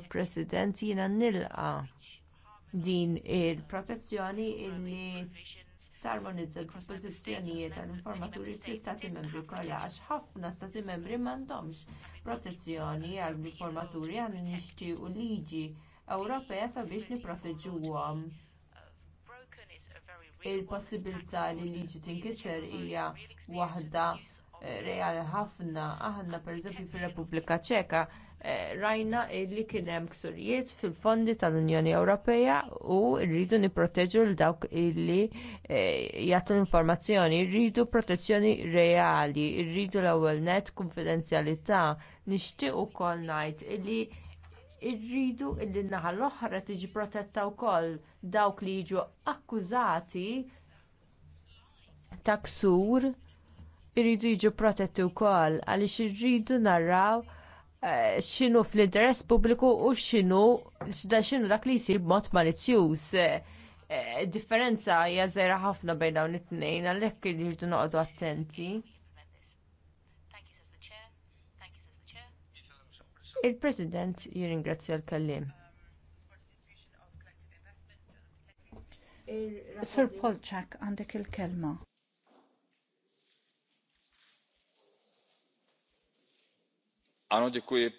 Sur President, jiena nilqa din il-protezzjoni illi tarmonizza l-dispożizzjonijiet tal-informaturi fl-istati membri kollha għax ħafna stati membri m'għandhomx protezzjoni għall-informaturi għal nixtiequ liġi Ewropea sabiex nipproteġuhom. Il-possibilità li liġi tinkiser hija waħda eh, reali ħafna aħna pereżempju fir-Repubblika Ċeka Eh, rajna li kien hemm ksurijiet fil-fondi tal-Unjoni Ewropea u rridu nipproteġu l dawk illi eh, jagħtu l-informazzjoni, rridu protezzjoni reali, rridu l-ewwel net konfidenzjalità. Nixtieq ukoll ngħid illi rridu illi naħa l-oħra tiġi protetta wkoll dawk li jiġu akkużati ta' ksur irridu jiġu protetti wkoll għaliex irridu narraw Eh, x'inhu fl-interess pubbliku u x'inhu da x'inhu dak li jsir mod malizzjuż. Eh, eh, differenza hija żgħira ħafna bejn dawn it-tnejn għalhekk irridu noqogħdu attenti. Il-President jirringrazzja l-kallim. Sir Polchak, għandek il-kelma.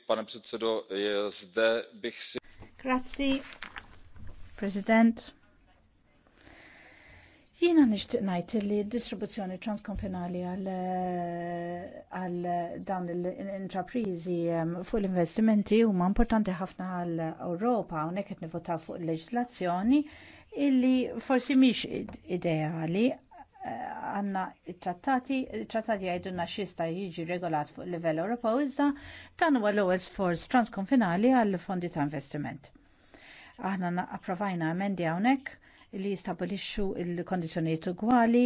pane předsedající jiena nixtieq ngħid li d-distribuzzjoni transkonfinali għal dawn l-intrapriżi ehm, fuq l-investimenti huma importanti ħafna għal Ewropa hawnhekk qed nivvotaw fuq leġiżlazzjoni illi forsi mhix ideali għanna trattati, trattati għajdunna xista jiġi regolat fuq livell Ewropew iżda dan huwa l-ewwel sforz transkonfinali għall fondi ta' investiment. Aħna approvajna emendi hawnhekk li jistabilixxu l-kondizzjonijiet ugwali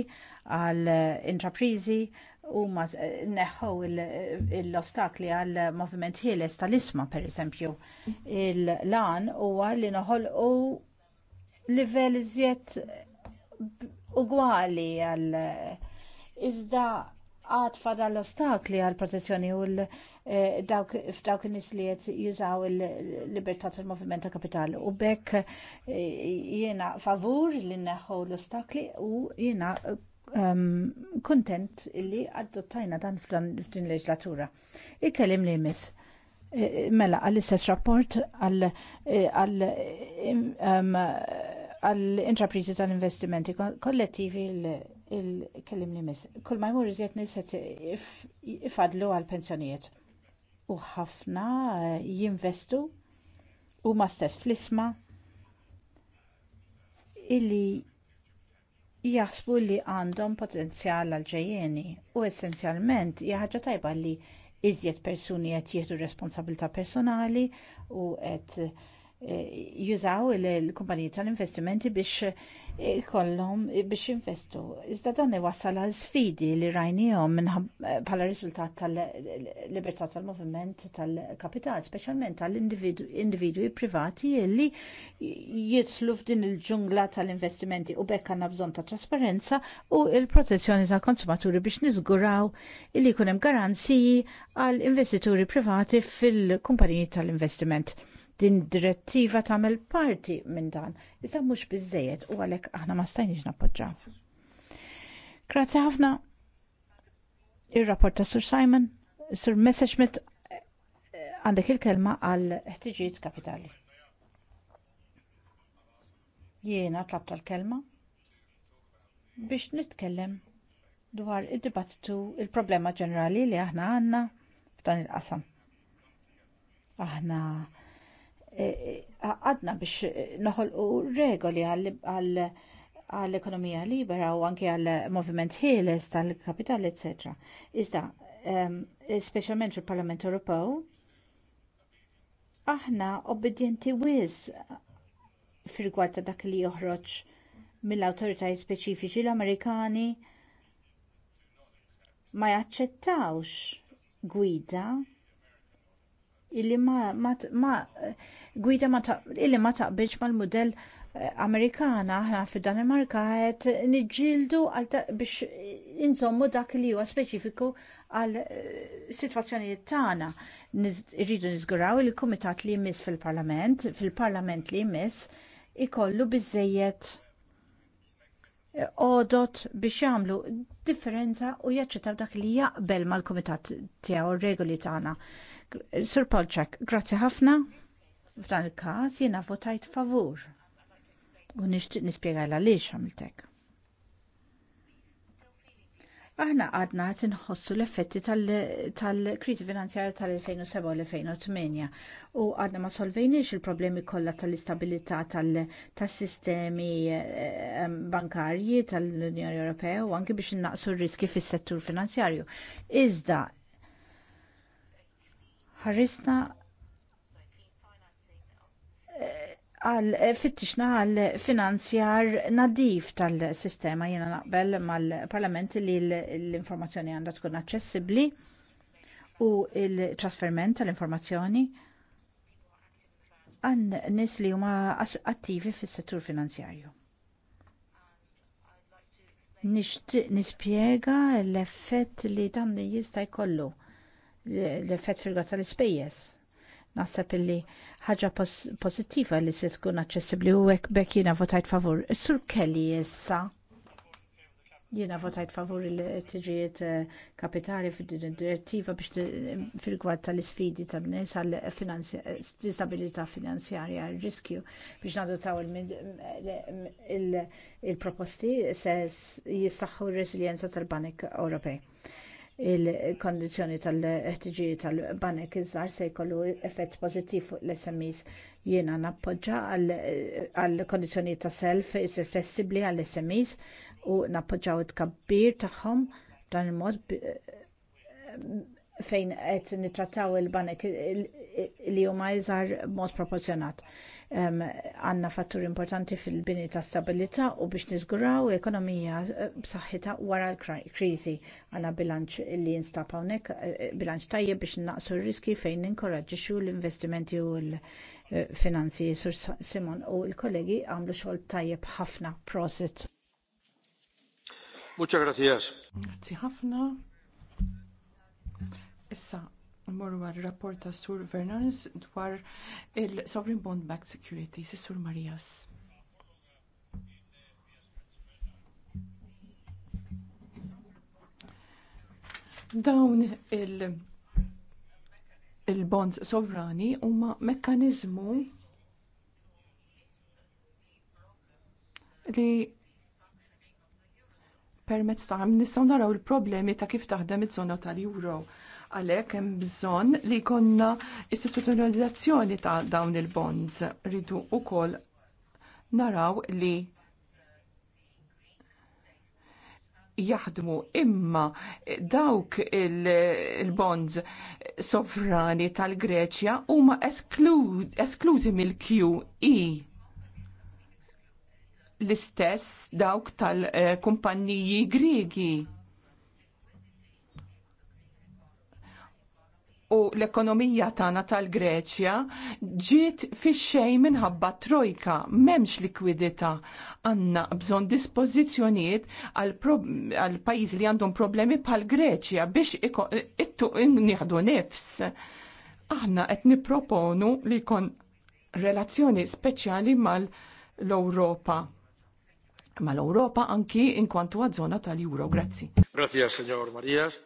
għal intraprizi u neħħu l-ostakli għal moviment ħieles tal-isma per eżempju. Il-lan huwa li u livell iżjed ugwali għal iżda għad fada l-ostakli għal protezzjoni u eh, f'dawk nis li jett jużaw il-libertà tal movimenta kapitali. U bekk eh, jiena favur li neħu l-ostakli u jiena ehm, kontent li adottajna dan f'din leġlatura. Ikkellim li jmiss. Eh, mela, għall-istess rapport għall ehm, għall-intrapriżi tal-investimenti kollettivi il-kellim li mis. Kull ma jmur iżjed niset ifadlu għal-pensjonijiet. U ħafna eh, jinvestu u ma stess fl-isma illi jaħsbu li għandhom potenzjal għal-ġejjeni u essenzjalment jaħġa tajba li iżjed persuni qed jieħdu responsabilità personali u et Eh, jużaw il-kumpaniji tal-investimenti biex eh, ikollhom biex investu. Iżda dan iwassal għal sfidi li rajnijhom bħala riżultat tal-libertà tal-moviment tal-kapital, speċjalment tal-individwi privati li jitlu f'din il-ġungla tal-investimenti u bekk għandna bżonn ta' trasparenza u l-protezzjoni tal-konsumaturi biex niżguraw li jkun hemm garanziji għall investituri privati fil-kumpaniji tal-investiment. Din direttiva tagħmel parti minn dan, iżda mhux biżżejjed u għalhekk aħna ma stajniex nappoġġaw. Grazzi ħafna ir-rapport ta' Sir Simon, Sir Messerschmidt għandek il-kelma għal ħtiġijiet kapitali. Jiena tlab tal-kelma biex nitkellem dwar id-dibattitu il problema ġenerali li aħna għandna f'dan il-qasam. Aħna Eh, eh, għadna biex eh, noħolqu regoli għall-ekonomija libera u anke għall-moviment ħieles tal-kapital, etc. Iżda, ehm, speċjalment fil-Parlament Ewropew, aħna obbedjenti wiz fil-gwarta ta' dak li joħroġ mill-awtoritajiet speċifiċi l-Amerikani ma jaċċettawx gwida illi ma gwida ma illi ma taqbilx mal-mudell eh, Amerikana aħna fid-Danimarka qed niġġieldu għal biex inżommu dak li huwa speċifiku għal eh, sitwazzjonijiet tagħna. Irridu niżguraw il kumitat li jmiss fil-Parlament, fil-Parlament li jmiss ikollu biżżejjed eh, odot biex jagħmlu differenza u jaċċettaw dak li jaqbel mal-kumitat tiegħu r regoli tagħna. Sir Polczak, grazzi ħafna. F'dan il-każ jiena votajt favur. U nixtieq nispjega għaliex għamiltek. Aħna għadna għat nħossu l-effetti tal-krizi finanzjarja tal-2007 u l-2008 u għadna ma solvejniex il-problemi kollha tal-istabilità tal-sistemi eh, eh, bankarji tal-Unjoni Ewropea u anki biex innaqsu r-riski fis-settur finanzjarju. Iżda ħarisna eh, għal eh, fittixna għal finanzjar nadif tal-sistema jiena naqbel mal-parlament li l-informazzjoni għandha tkun aċċessibbli u l trasferiment tal-informazzjoni għan nies li huma attivi fis-settur finanzjarju. Nixtieq nispjega l-effett li dan jista' jkollu l-effett fil tal-ispejjeż. Naħseb illi ħaġa pożittiva li se tkun aċċessibbli u hekk bekk jiena votajt favur. Is-Sur Kelly issa jiena votajt favur il-tiġijiet eh, kapitali id direttiva biex fil-gwad tal-isfidi tal-nies għal disabilità finanzjarja għal riskju biex taw il-proposti se jissaxħu r reżiljenza tal banik Ewropej il kondizzjoni tal-ħtiġijiet tal-banek iż-żgħar se jkollu effett pożittiv fuq l-SMEs. Jiena nappoġġa għall kondizzjoni ta' self is flessibbli għall smes u nappoġġaw it-tkabbir tagħhom dan il-mod fejn qed nittrattaw il-banek li huma iżgħar mod proporzjonat. Għandna fattur importanti fil-bini ta' stabilità u biex niżguraw ekonomija eh, b'saħħitha wara l-kriżi. Għanna bilanċ li jinstab hawnhekk eh, bilanċ tajjeb biex naqsu r-riski fejn ninkoraġġixxu l-investimenti u l-finanzi eh, Sur Simon u l-kollegi għamlu xogħol tajjeb ħafna prosit. Muchas gracias. Grazie ħafna. Issa, mmorru għal rapport ta' Sur Vernons dwar il-Sovereign Bond Back Securities, Sur Marias. Dawn il- il-bonds sovrani huma mekkaniżmu li permezz ta' nistgħu naraw il-problemi ta' kif taħdem iż-żona tal-Euro. Għalhekk hemm bżonn li jkollna istituzzjonalizzazzjoni ta' dawn il-bonds. Ridu wkoll naraw li jaħdmu imma dawk il-bonds il sovrani tal-Greċja huma esklużi mill-QE l-istess dawk tal-kumpanniji Griegi u l-ekonomija tagħna tal-Greċja ġiet fix-xejn minħabba trojka, m'hemmx likwidità. Għandna bżonn dispożizzjonijiet għal pajjiżi li għandhom problemi bħall Greċja biex nieħdu nifs. Aħna qed nipproponu li jkun relazzjoni speċjali mal-Ewropa. Mal-Ewropa anki inkwantu għad zona tal-Euro. Grazzi. Grazie, signor Marias.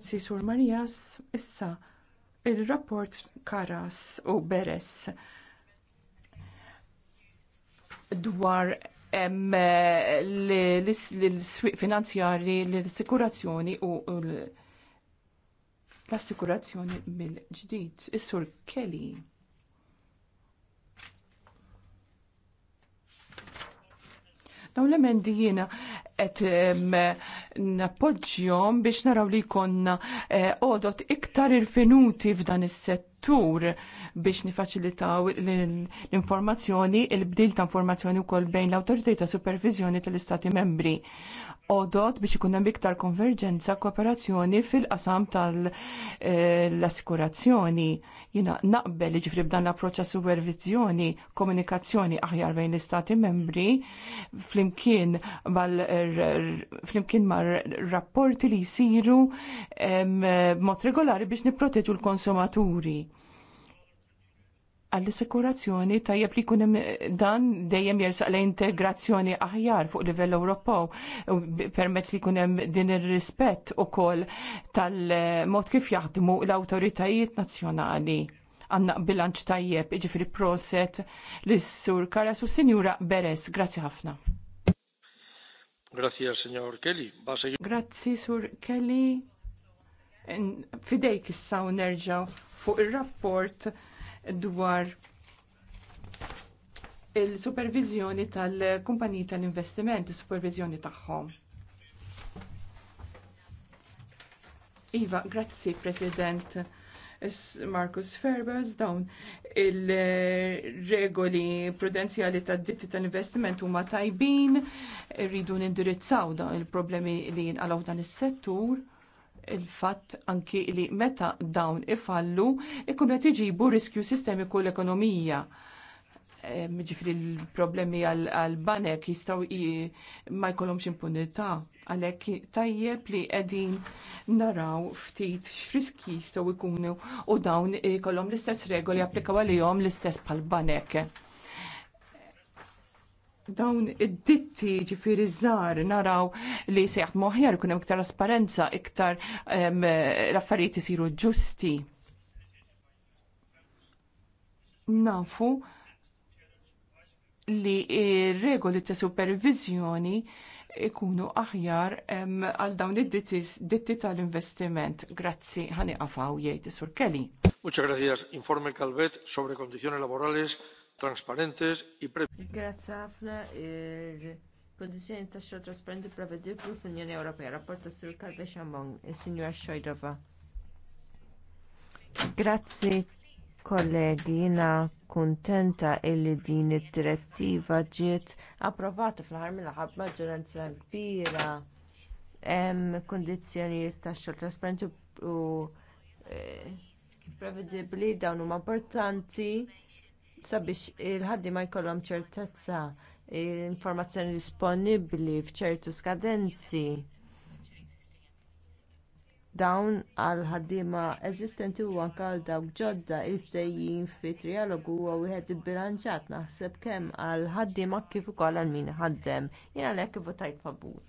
Sisur Marijas, issa, il-rapport Karas u Beres dwar l-swiq finanzjari, l-assikurazzjoni u l-assikurazzjoni mill-ġdid. Is-sur Kelly. Dawn l-emendi jiena qed nappoġġjhom biex naraw li jkollna e, odot iktar irfinuti f'dan is-settur biex nifaċilitaw l-informazzjoni, il-bdil ta' informazzjoni wkoll bejn l-awtoritajiet ta' supervizjoni tal-Istati membri. Odot biex ikun hemm iktar konverġenza kooperazzjoni fil-qasam tal-assikurazzjoni. E, eh, Jina naqbel ġifri b'dan l-approċċa supervizjoni, komunikazzjoni aħjar bejn l-istati membri, flimkien mal flimkien rapporti li jisiru mod regolari biex niproteġu l-konsumaturi għall-assikurazzjoni tajjeb li kunem dan dejjem jersaq l-integrazzjoni aħjar fuq livell Ewropew permezz li kunem din ir-rispett ukoll tal-mod kif jaħdmu l-awtoritajiet nazzjonali għanna bilanċ tajjeb iġifiri proset lis sur Karas u sinjura Beres. Grazzi ħafna. Grazie, signor Kelly. Grazzi, sur Kelly. Fidejk issa u nerġaw fuq il-rapport dwar il-supervizjoni tal-kumpaniji tal-investiment, il-supervizjoni tagħhom. Iva, grazzi, President. Marcus Ferbers dawn il-regoli prudenzjali tad ditti tal investiment huma tajbin, rridu nindirizzaw dawn il-problemi li jinqalgħu dan is-settur il-fatt anki li meta dawn ifallu ikun qed iġibu riskju sistemiku l-ekonomija. E, Ġifri l-problemi għal-banek jistaw ma jkollhomx impunità għalhekk tajjeb li qegħdin naraw ftit x'riski jistgħu jkunu u dawn ikollhom l-istess regoli applikaw għalihom l-istess bħal-banek dawn id-ditti ġifiri zzar naraw li se jaħdmu aħjar ikun hemm iktar trasparenza, iktar l-affarijiet isiru ġusti. Nafu li regoli ta' supervizjoni ikunu aħjar għal dawn id-ditti tal-investiment. Grazzi, ħani għafaw jgħid Sur Kelly. Muċa grazzi, Informe Calvet sobre kondizjoni laborales transparentes i Grazzi ħafna il-kondizjoni ta' xogħol trasparenti prevedibli fl-Unjoni Ewropea. Rapporto Sur Kalve Xambon, il-Sinjora Xojdova. Grazzi kollegi, jiena kuntenta illi din id-direttiva ġiet approvata fl-ħar mill-ħab maġġoranza kbira hemm kundizzjonijiet ta' xogħol trasparenti u eh, prevedibbli dawn huma importanti sabiex il-ħaddiema jkollhom ċertezza informazzjoni disponibbli f'ċertu skadenzi dawn għal ħaddiema eżistenti u anke dawk ġodda il-ftehim fi trijalogu huwa wieħed ibbilanċjat naħseb kemm għal ħaddiema kif ukoll għal min ħaddem jien għalhekk votajt favur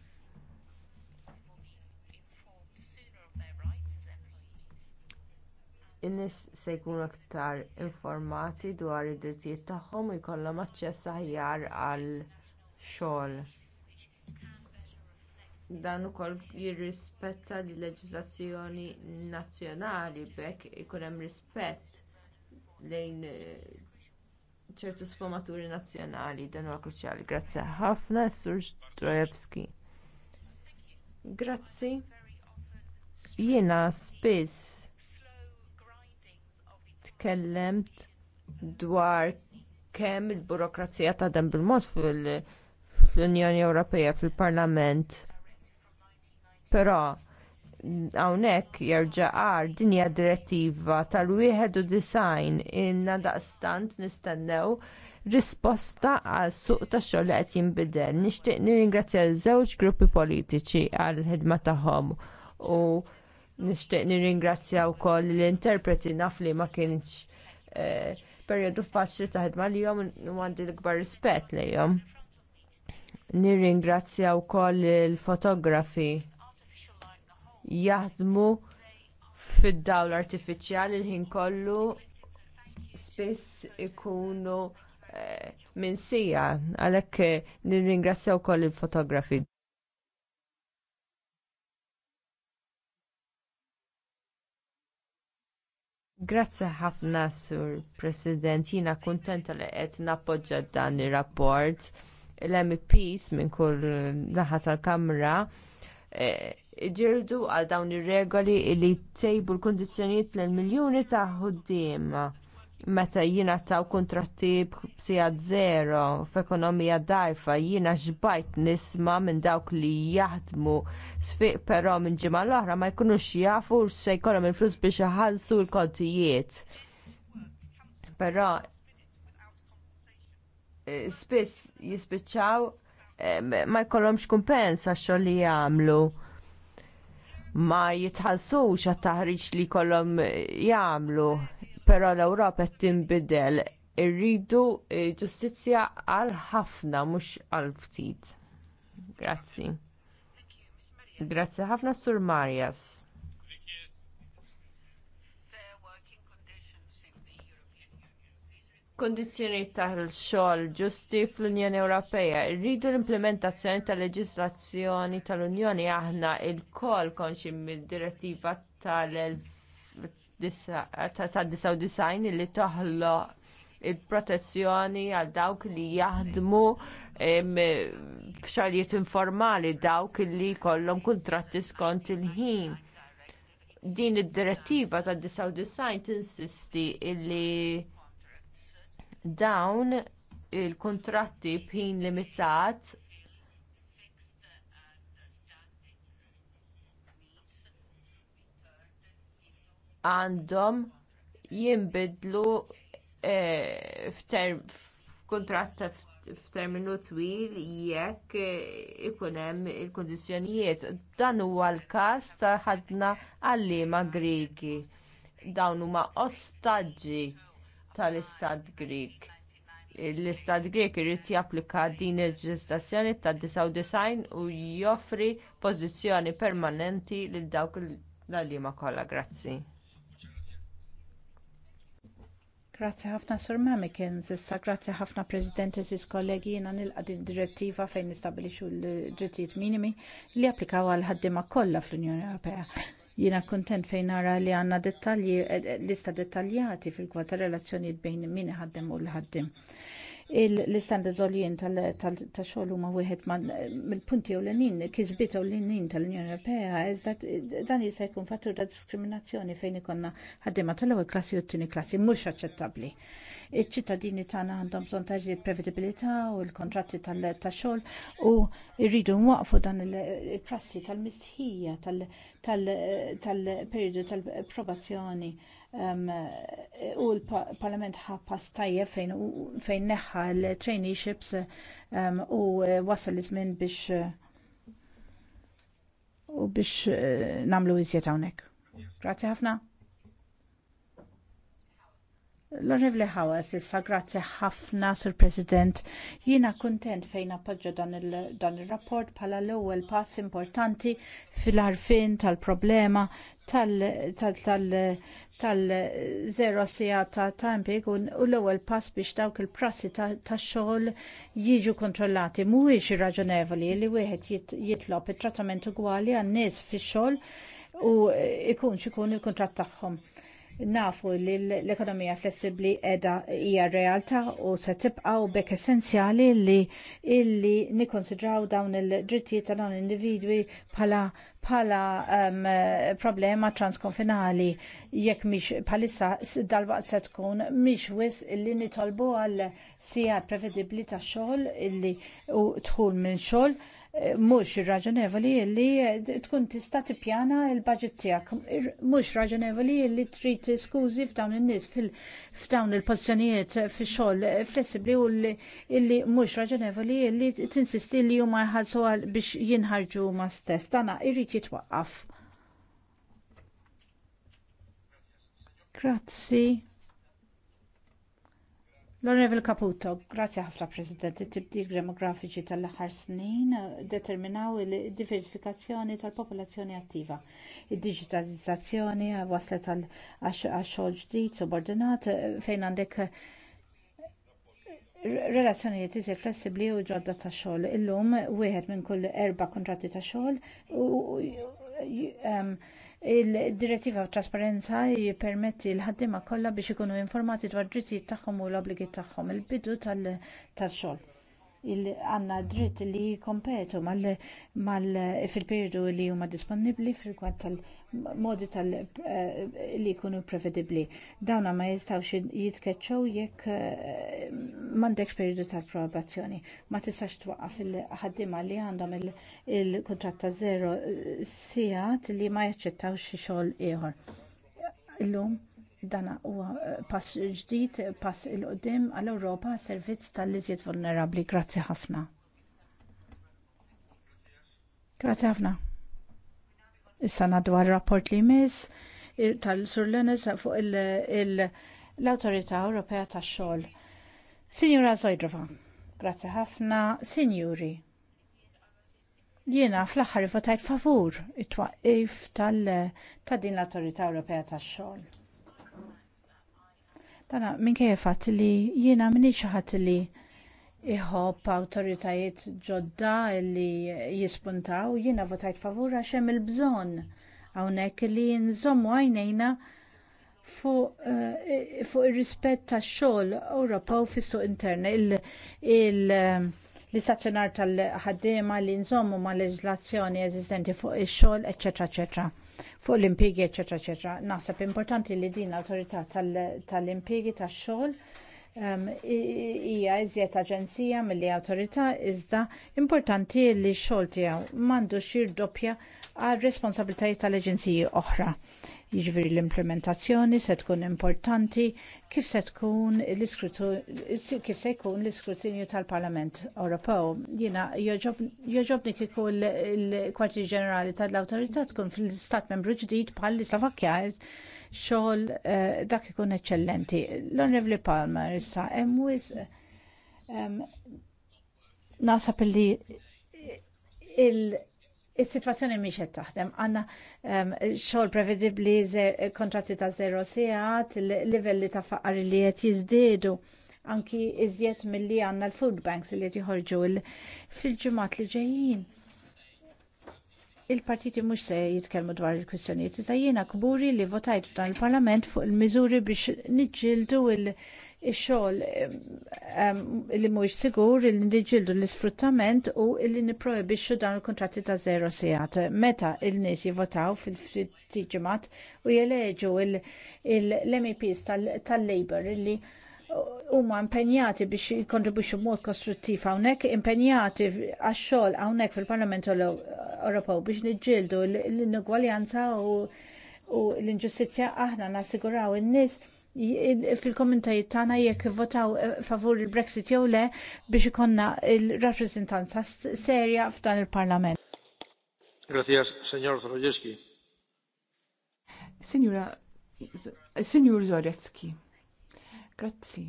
in-nies se jkunu aktar informati dwar id-drittijiet tagħhom u jkollhom aċċess aħjar għal xogħol dan ukoll jirrispetta l-leġiżlazzjoni nazzjonali b'hekk ikun hemm rispett lejn eh, ċertu sfumaturi nazzjonali dan huwa kruċjali. Grazzi ħafna Sur Drojewski. Grazzi. Jiena spiss tkellemt dwar kemm il-burokrazija ta' dan bil-mod fl-Unjoni Ewropea fil-Parlament. Però hawnhekk jerġa' għar din hija direttiva tal-wieħed u design inna daqstant nistennew risposta għal suq tax xogħol li qed jinbidel. Nixtieq nirringrazzja żewġ gruppi politiċi għall ħidma tagħhom u Nixtieq nirringrazzja wkoll l-interpreti naf li ma kienx eh, perjodu faċli ta' ħidma li jom għandi l rispet rispett jom. Nirringrazzja wkoll il-fotografi jaħdmu fid-dawl artifiċjali l-ħin kollu spiss ikunu eh, minsija għalhekk nirringrazzja wkoll il-fotografi. Grazzi ħafna, Sur President. Jina kuntenta li qed nappoġġa dan ir-rapport. L-MPs minn kull naħa tal-Kamra e, ġirdu għal dawn ir-regoli li tejbu l kundizzjonijiet l miljuni ta' ħuddiema meta jina taw kontratti b'sija zero f'ekonomija dajfa jina ġbajt nisma minn dawk li jaħdmu sfiq però minn ġimgħa l-oħra ma jkunux jafu se jkollhom il-flus biex iħallsu l-kontijiet. Però eh, spiss jispiċċaw eh, ma jkollhomx kumpens għax-xogħol li jagħmlu ma jitħallsux għat-taħriġ li jkollhom jagħmlu però l-Ewropa qed tinbidel irridu eh, ġustizzja għal ħafna mhux għal ftit. Grazzi. Grazzi ħafna Sur Marias. Kundizzjonijiet tal-xogħol ġusti fl-Unjoni Ewropea rridu l-implementazzjoni tal-leġiżlazzjoni tal-Unjoni aħna lkoll konxi mid-direttiva tal-2000 tad-99 li toħloq il-protezzjoni għal dawk li jaħdmu f'xogħlijiet informali dawk li jkollhom kuntratti skont il-ħin. Din id-direttiva ta' 99 tinsisti li dawn il-kuntratti b'ħin limitat għandhom jinbidlu e, f'kuntratt f'terminu twil jekk e, ikun hemm il-kundizzjonijiet. Dan huwa l-każ ta' ħadna għalliema Griki. Dawn huma ostaġġi tal-Istat Grik. L-Istat Grek irid japplika din il-ġestazzjoni disaw 99 u joffri pożizzjoni permanenti lil dawk l-għalliema kollha. Grazzi. Grazzi ħafna Sir Mamikins, issa grazzi ħafna President Eżis kollegi jina nilqa din direttiva fejn nistabilixu l-drittijiet minimi li applikaw għal ħaddima kollha fl-Unjoni Ewropea. Jina kontent fejn nara li għanna dettalji, lista dettaljati fil-kwata relazzjonijiet bejn min ħaddem u l-ħaddim l-istandards għoljien tal-xogħol huma wieħed mill-punti ewlenin kisbiet ewlenin tal-Unjoni Ewropea iżda dan jista' jkun fattur ta' diskriminazzjoni fejn ikollna ħaddiema tal-ewwel klassi u t-tieni klassi mhux aċċettabbli. Iċ-ċittadini tagħna għandhom bżonn ta' ġdid prevedibilità u l-kontratti tax-xogħol u rridu nwaqfu dan il-prassi tal-mistħija tal-perjodu tal-probazzjoni. tal mistħija tal tal probazzjoni u l-Parlament ħappas tajjeb fejn neħħa l-traineeships u wasal iż-żmien biex u biex eh, namlu iżjed hawnhekk. Grazzi ħafna. L-Onorevoli Ħawas, issa grazzi ħafna, Sur President. Jiena kuntent fejn appoġġa dan ir rapport bħala l-ewwel pass importanti fil-arfin tal-problema tal-zero sijata ta' impik u l-ewwel pass biex dawk il-prassi tax xogħol jiġu kontrollati. Mhuwiex irraġonevoli li wieħed jitlob it-trattament ugwali għan-nies fix-xogħol u ikun il-kuntratt tagħhom nafu li l-ekonomija flessibbli qiegħda hija realtà u se tibqa' u bekk essenzjali li illi nikkonsidraw dawn il-drittijiet ta' dawn l-individwi bħala bħala um, problema transkonfinali jekk miex bħalissa dalwaqt se tkun miex wis illi nitolbu għal sija prevedibbli tax xogħol illi u dħul minn xogħol mhux raġonevoli li tkun tista' tippjana l-budget tiegħek. Mhux raġonevoli li trid skużi f'dawn in-nies f'dawn il-pożizzjonijiet fix-xogħol flessibbli u li mhux raġonevoli li tinsisti li huma jħallsu biex jinħarġu ma stess. Tana irrid jitwaqqaf. Grazzi. L-Onorevil Caputo, grazzi ħafna President, it-tibdil demografiċi tal-aħħar snin determinaw il-diversifikazzjoni tal-popolazzjoni attiva. Id-digitalizzazzjoni waslet għax xogħol ġdid subordinat fejn għandek relazzjonijiet iżjed flessibbli u ġodda ta' xogħol. Illum wieħed minn kull erba' kuntratti ta' xogħol um, Il-direttiva trasparenza jippermetti l-ħaddiema kollha biex ikunu informati dwar drittijiet tagħhom u l-obbligi tagħhom il-bidu tax-xogħol. Għandna dritt li jikkompetu fil periodu li huma disponibbli fil-kwad tal- modi tal eh, li jkunu prevedibli. Dawna ma jistgħux jitkeċċew jekk eh, m'għandekx perjodu tal-probazzjoni. Ma tistax twaqqaf il ħaddima li għandhom il-kuntratt ta' zero eh, sijat li ma jaċċettawx xi xogħol ieħor. Illum dan huwa pass ġdid, pass il qoddim għall-Ewropa servizz tal-iżjed vulnerabbli. Grazzi ħafna. Grazzi ħafna. Issa ngħaddu għar-rapport li jmiss tal-Sur Lennis fuq l-Awtorità Ewropea tax-xogħol. Sinjura Zojdrova, grazzi ħafna, Sinjuri. Jiena fl-aħħar votajt favur it twaqqif ta' din l-Awtorità Ewropea tax-xogħol. Dana minn kif li jiena minni ħadd li iħobb awtoritajiet ġodda li jispuntaw jiena votajt favur għax hemm il-bżonn hawnhekk li nżommu għajnejna fuq eh, ir-rispett tax-xogħol Ewropew fis-suq intern l-istazzjonar tal-ħaddiema li nżommu ma' leġislazzjoni eżistenti fuq ix-xogħol, eċetera, eċetera, fuq l-impjiegi, eċetera, eċetera. Naħseb importanti li din l-awtorità tal-impjiegi tax-xogħol hija iżjed aġenzija milli awtorità iżda importanti li x-xogħol tiegħu m'għandux jirdoppja għal responsabbiltajiet tal-aġenziji oħra. Jiġifieri l-implementazzjoni se tkun importanti kif se tkun kif se jkun l-iskrutinju tal-Parlament Ewropew. Jiena kif ikun l-Kwartier Ġenerali tal-Awtorità tkun fl-Istat Membru ġdid bħal Slovakkja xogħol eh, dak ikun eċċellenti. L-Onorevoli Palmer issa hemm wisq nasab li il- il sitwazzjoni mhix qed taħdem. Għandna ehm, xogħol prevedibbli kontratti ta' zero sigħat, livelli ta' faqar li qed jiżdiedu anki iżjed milli għandna l-food banks li qed joħorġu fil-ġimgħat li ġejjin. Il-partiti mhux se jitkellmu dwar il-kwistjonijiet, iżda jiena kburi li votajt dan il-Parlament fuq il-miżuri biex niġġieldu il-, -il ix-xogħol li mhuwiex sigur li niġġieldu l-isfruttament u li nipprojbixxu dan il-kuntratti ta' zero sijat. Meta il-nies jivvotaw fil-ftit u jeleġu l-MEPs tal-Labor li huma impenjati biex jikontribwixxu b'mod kostruttiv hawnhekk, impenjati għax-xogħol hawnhekk fil-Parlament Ewropew biex niġġieldu l-inugwaljanza u l-inġustizzja aħna nassiguraw in-nies fil-kommentajiet tagħna jekk votaw eh, favur il-Brexit jew le biex ikonna il-rappreżentanza serja f'dan il-Parlament. Grazie, signor Zorojewski. Signora, signor Zorewski, grazzi.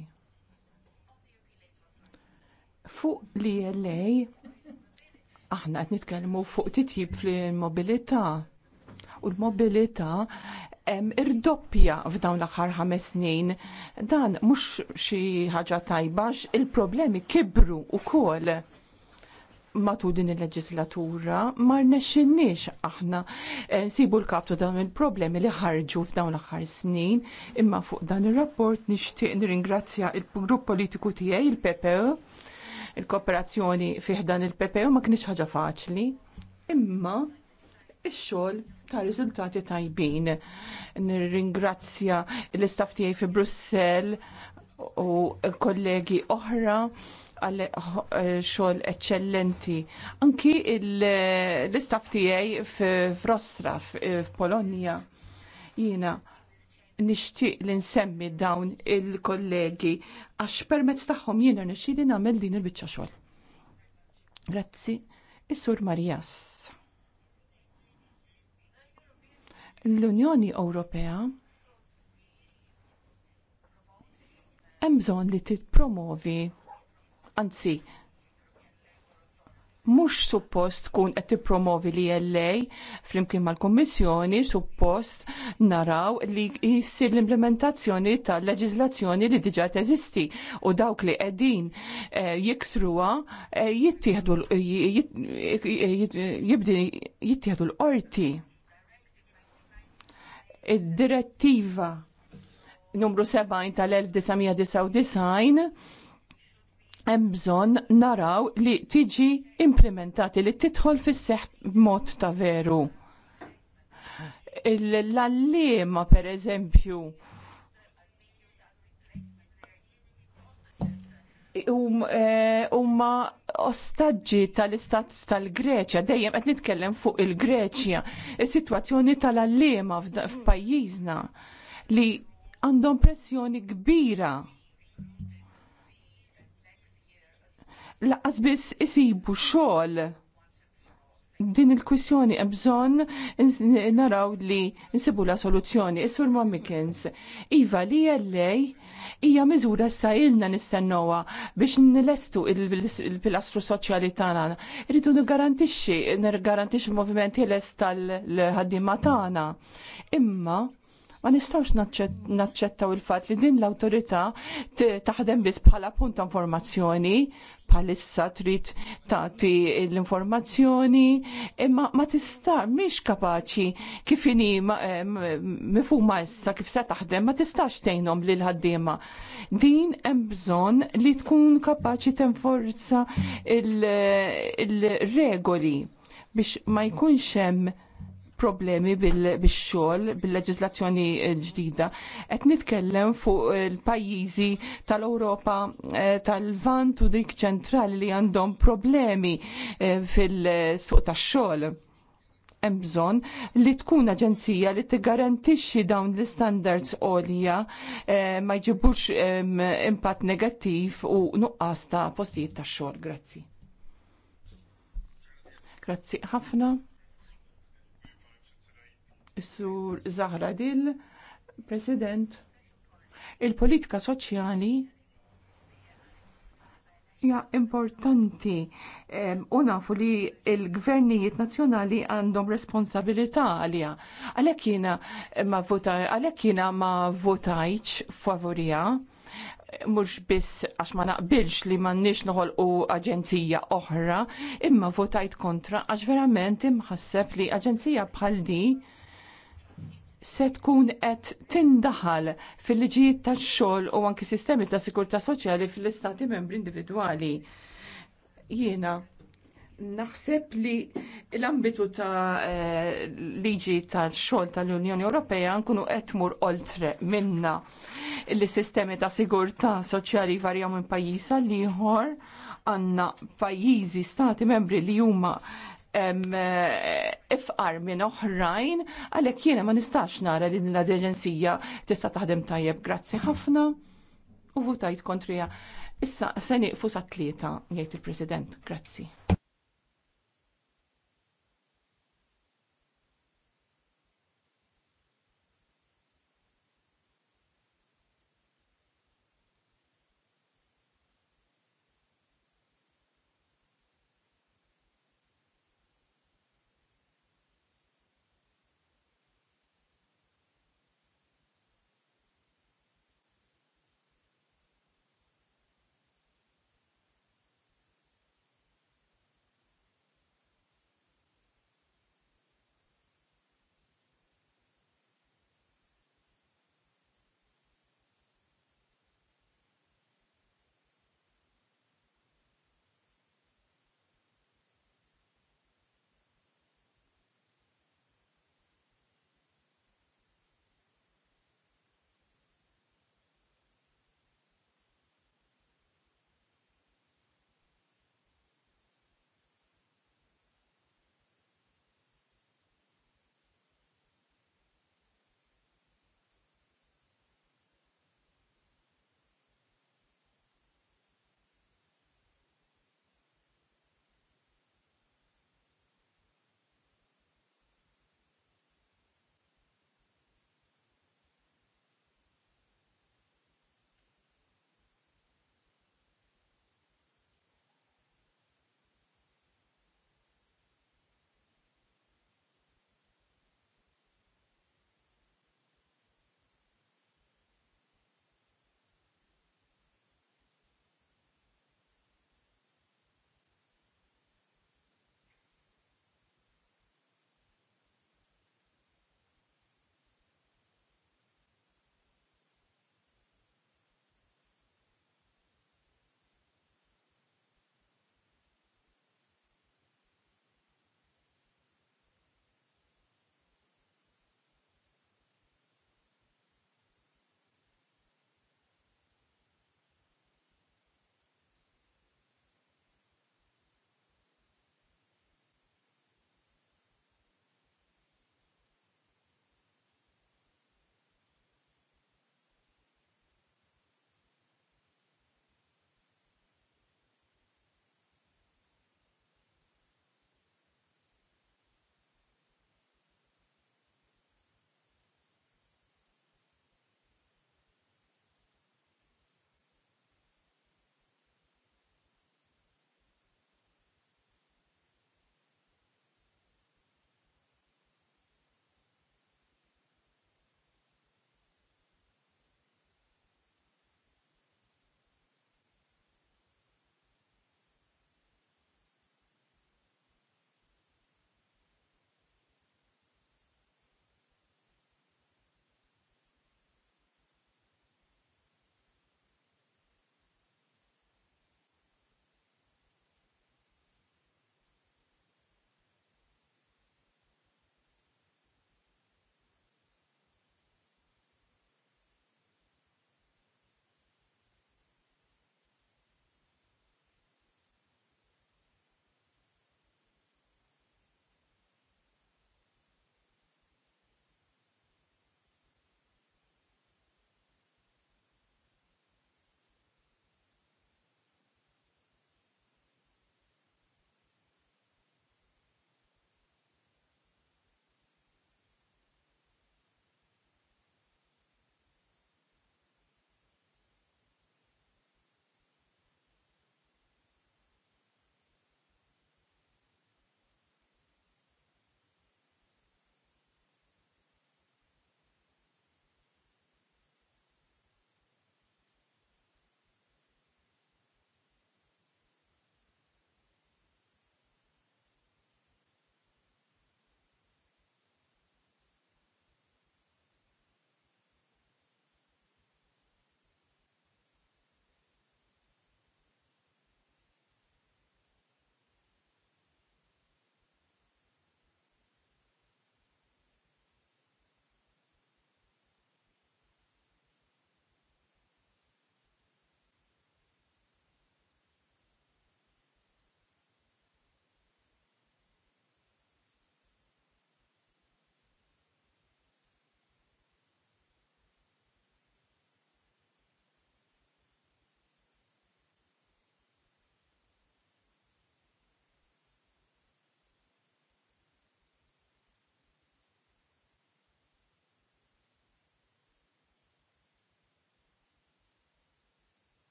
Fuq li lei, aħna qed nitkellmu fuq titjib fl mobilità u l-mobilità irdoppja f'dawn l-aħħar ħames snin. Dan mhux xi ħaġa tajba il-problemi kibru wkoll matul din il-leġislatura ma rnexxinniex aħna eh, nsibu l-kaptu dawn il-problemi li ħarġu f'dawn l-aħħar snin imma fuq dan ir-rapport nixtieq nirringrazzja il-grupp politiku tiegħi il-PPE il-kooperazzjoni fih dan il-PPE ma kienx ħaġa faċli imma ix-xogħol ta' riżultati tajbin. Nirringrazzja l-istaff tiegħi fi Brussell u kollegi oħra għal eh, xogħol eċċellenti. Anki l-istaff tiegħi f'Rostraf f'Polonja eh, jiena nixtieq li nsemmi dawn il-kollegi għax permezz tagħhom jiena nixtieq li nagħmel din il-biċċa xogħol. Grazzi, is-Sur Marjas. L-Unjoni Ewropea hemm bżonn li tippromovi anzi mhux suppost tkun qed tippromovi li LA flimkien mal-Kummissjoni suppost naraw li jsir l-implementazzjoni tal-leġiżlazzjoni li diġà teżisti u dawk li qegħdin eh, jiksruha eh, jittieħdu jittieħdu l-qorti. Id-direttiva numru 7 tal-1999 hemm bżonn naraw li tiġi implementati li tidħol fis-seħħ mod ta' veru. L-allima per eżempju eh, huma ostaġġi tal-istat tal-Greċja, dejjem qed nitkellem fuq il-Greċja, is-sitwazzjoni tal-allema f'pajjiżna li għandhom pressjoni kbira. Laqqas biss isibu xogħol din il-kwissjoni hemm naraw li nsibu la soluzzjoni. Is-Sur Mikins, iva li jellej hija miżura issa ilna nistennowha biex nilestu il-pilastru soċjali tagħna. n niggarantixxi, movimenti l-est tal-ħaddiema tagħna. Imma Ma nistawx naċċettaw il-fatt li din l-awtorità taħdem biss bħala punt informazzjoni bħalissa trid tagħti l-informazzjoni imma ma tista' mhix kapaċi kif inhi eh, mifhuma issa kif se taħdem ma tistax tgħinhom lil ħaddiema. Din hemm bżonn li tkun kapaċi tenforza il-regoli biex ma jkunx hemm problemi bil-xogħol, bil leġislazzjoni eh, ġdida. Qed nitkellem fuq il-pajjiżi eh, tal-Ewropa eh, tal-Vant u dik ċentrali li għandhom problemi fil-suq tax-xogħol hemm bżonn li tkun aġenzija li tiggarantixxi dawn l-istandards għolja eh, ma jġibux eh, impatt negattiv u nuqqas ta' postijiet tax-xogħol. Grazzi. Grazzi ħafna. Is-sur Dil, President, il-politika soċjali Ja, importanti. U nafu li il-gvernijiet nazjonali għandhom responsabilità għalija. Għalhekk jina ma votaj, għalek ma votajċ favorija, mux biss għax ma naqbilx li ma nix u aġenzija oħra, imma votajt kontra għax verament imħasseb li aġenzija bħal di se tkun qed tindaħal fil-liġijiet tax-xogħol u anki sistemi ta' sikurtà soċjali fl-istati membri individwali. Jiena naħseb li l-ambitu ta' eh, liġi tal-xogħol tal-Unjoni Ewropea nkunu qed tmur oltre minna li sistemi ta' sigurtà soċjali varjaw minn pajjiż għal ieħor għandna pajjiżi stati membri li huma Eh, ifqar minn oħrajn, għalhekk jiena ma nistax nara li din l-aġenzija tista' taħdem tajjeb grazzi ħafna u votajt kontrija. Issa se nieqfu tlieta jgħid il-President. Grazzi.